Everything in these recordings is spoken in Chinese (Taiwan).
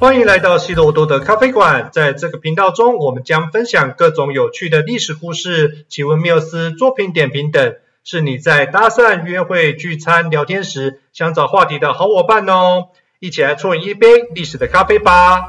歡迎來到西羅多的咖啡館。在這個頻道中，我們將分享各種有趣的歷史故事、奇聞妙事、作品點評等，是你在搭訕、約會、聚餐、聊天時想找話題的好伙伴哦！一起來沖一杯歷史的咖啡吧。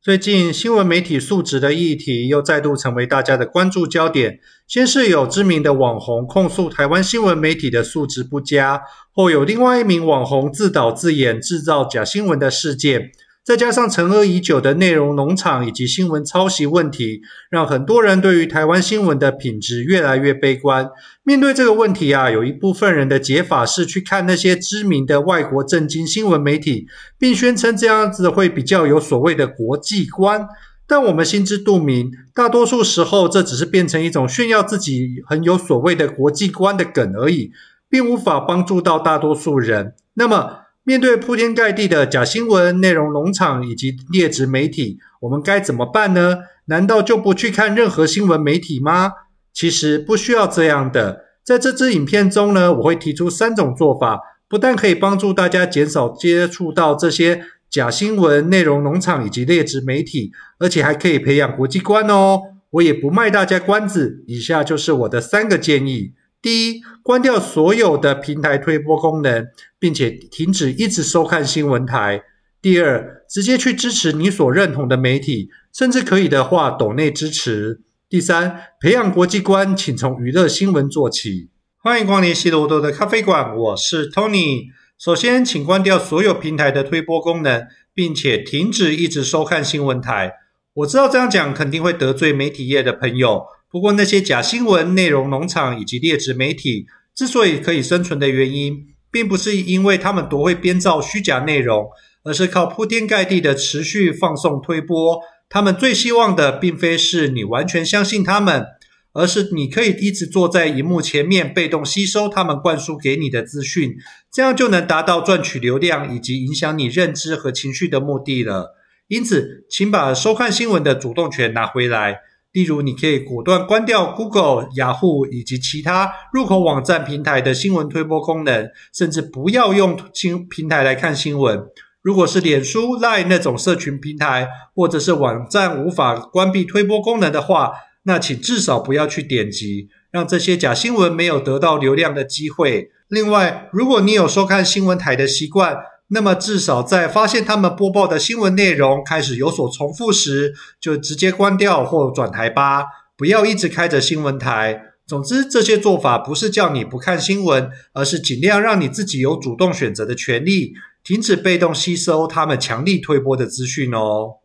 最近新聞媒體素質的議題又再度成為大家的關注焦點。先是有知名的網紅控訴台灣新聞媒體的素質不佳，後有另外一名網紅自導自演制造假新聞的事件。再加上沉痾已久的內容農場以及新聞抄襲問題，讓很多人對於台灣新聞的品質越來越悲觀。面對這個問題啊，有一部分人的解法是去看那些知名的外國正經新聞媒體，並宣稱這樣子會比較有所謂的國際觀。但我們心知肚明，大多數時候這只是變成一種炫耀自己很有所謂的國際觀的梗而已，並無法幫助到大多數人。那麼，面對鋪天蓋地的假新聞、內容農場以及劣質媒體，我們該怎麼辦呢？難道就不去看任何新聞媒體嗎？其實不需要這樣的。在這支影片中呢，我會提出三種做法，不但可以幫助大家減少接觸到這些假新聞、內容農場以及劣質媒體，而且還可以培養國際觀哦。我也不賣大家關子，以下就是我的三個建議。第一，關掉所有的平台推播功能，並且停止一直收看新聞臺。第二，直接去支持你所認同的媒體，甚至可以的話，抖內支持。第三，培養國際觀，請從娛樂新聞做起。歡迎光臨希羅多的咖啡館，我是 Tony。首先，請關掉所有平台的推播功能，並且停止一直收看新聞臺。我知道這樣講肯定會得罪媒體業的朋友。不過，那些假新聞、內容農場以及劣質媒體之所以可以生存的原因，並不是因為他們多會編造虛假內容，而是靠鋪天蓋地的持續放送推播。他們最希望的，並非是你完全相信他們，而是你可以一直坐在螢幕前面被動吸收他們灌輸給你的資訊，這樣就能達到賺取流量以及影響你認知和情緒的目的了。因此，請把收看新聞的主動權拿回來。例如，你可以果斷關掉 Google、雅虎以及其他入口網站平台的新聞推播功能，甚至不要用新平台來看新聞。如果是臉書、Line 那種社群平台，或者是網站無法關閉推播功能的話，那請至少不要去點擊，讓這些假新聞沒有得到流量的機會。另外，如果你有收看新聞台的習慣，那麼至少在發現他們播報的新聞內容開始有所重複時，就直接關掉或轉台吧，不要一直開着新聞台。總之，這些做法不是叫你不看新聞，而是盡量讓你自己有主動選擇的權利，停止被動吸收他們強力推播的資訊哦。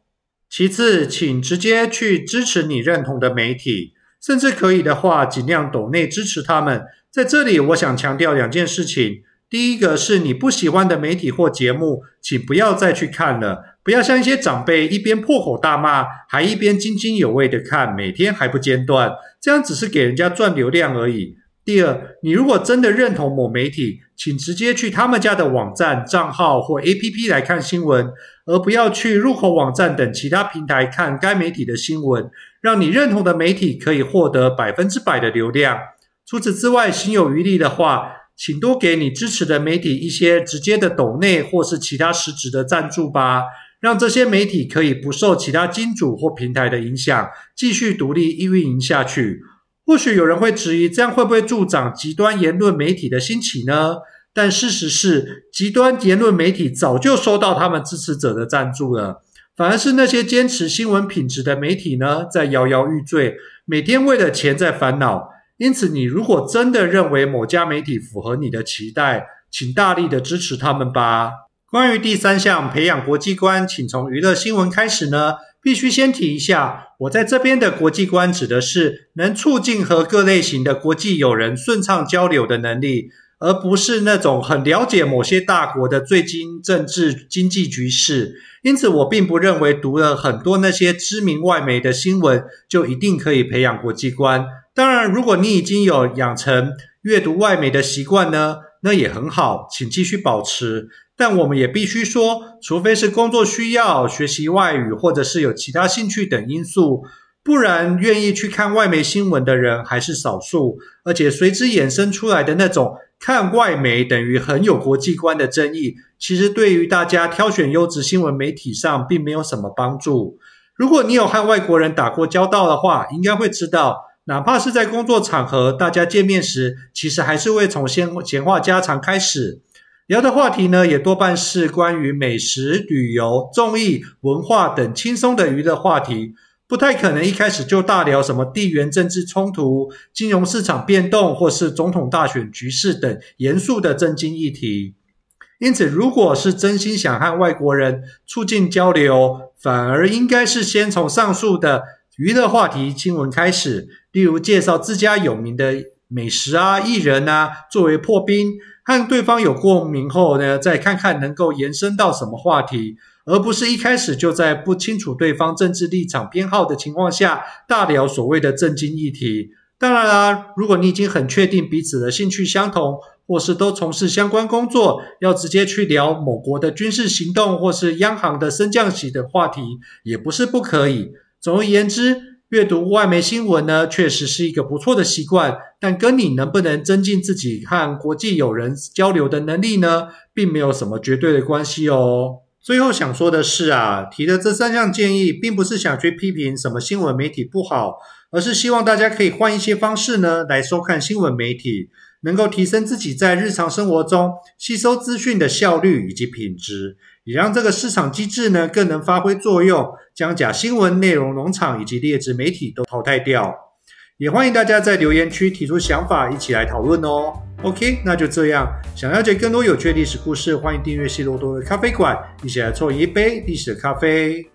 其次，請直接去支持你認同的媒體，甚至可以的話，盡量抖內支持他們。在這裡，我想強調兩件事情。第一個是你不喜歡的媒體或節目，請不要再去看了，不要像一些長輩一邊破口大罵，還一邊津津有味的看，每天還不間斷，這樣只是給人家賺流量而已。第二，你如果真的認同某媒體，請直接去他們家的網站、賬號或 APP 來看新聞，而不要去入口網站等其他平台看該媒體的新聞，讓你認同的媒體可以獲得百分之百的流量。除此之外，心有餘力的話，請多給你支持的媒體一些直接的抖內或是其他實質的贊助吧，讓這些媒體可以不受其他金主或平台的影響，繼續獨立運營下去。或許有人會質疑，這樣會不會助長極端言論媒體的興起呢？但事實是，極端言論媒體早就收到他們支持者的贊助了，反而是那些堅持新聞品質的媒體呢，在搖搖欲墜，每天為了錢在煩惱。因此，你如果真的認為某家媒體符合你的期待，請大力的支持他們吧。關於第三項培養國際觀，請從娛樂新聞開始呢。必須先提一下，我在這邊的國際觀指的是能促進和各類型的國際友人順暢交流的能力，而不是那種很了解某些大國的最近政治經濟局勢。因此，我並不認為讀了很多那些知名外媒的新聞就一定可以培養國際觀。當然，如果你已經有養成閱讀外媒的習慣呢，那也很好，請繼續保持。但我們也必須說，除非是工作需要、學習外語，或者是有其他興趣等因素，不然願意去看外媒新聞的人還是少數。而且隨之衍生出來的那種看外媒等於很有國際觀的爭議，其實對於大家挑選優質新聞媒體上並沒有什麼幫助。如果你有和外國人打過交道的話，應該會知道。哪怕是在工作場合，大家見面時，其實還是會從先閒，閒話家常開始，聊的話題呢，也多半是關於美食、旅遊、綜藝、文化等輕鬆的娛樂話題，不太可能一開始就大聊什麼地緣政治衝突、金融市場變動，或是總統大選局勢等嚴肅的政經議題。因此，如果是真心想和外國人促進交流，反而應該是先從上述的娛樂話題、新聞開始。例如介紹自家有名的美食啊、藝人啊，作為破冰，看對方有過敏後呢，再看看能夠延伸到什麼話題，而不是一開始就在不清楚對方政治立場偏好的情況下大聊所謂的政經議題。當然啦、啊，如果你已經很確定彼此的興趣相同，或是都從事相關工作，要直接去聊某國的軍事行動或是央行的升降息的話題，也不是不可以。總而言之。閱讀外媒新聞呢，確實是一個不錯的習慣，但跟你能不能增進自己和國際友人交流的能力呢，並沒有什麼絕對的關係哦。最後想說的是啊，提的這三項建議，並不是想去批評什麼新聞媒體不好，而是希望大家可以換一些方式呢，來收看新聞媒體，能夠提升自己在日常生活中吸收資訊的效率以及品質。也讓這個市場機制呢，更能發揮作用，將假新聞、內容農場以及劣質媒體都淘汰掉。也歡迎大家在留言區提出想法，一起來討論哦。OK，那就這樣。想了解更多有趣歷史故事，歡迎訂閱西多多的咖啡館，一起來做一杯歷史的咖啡。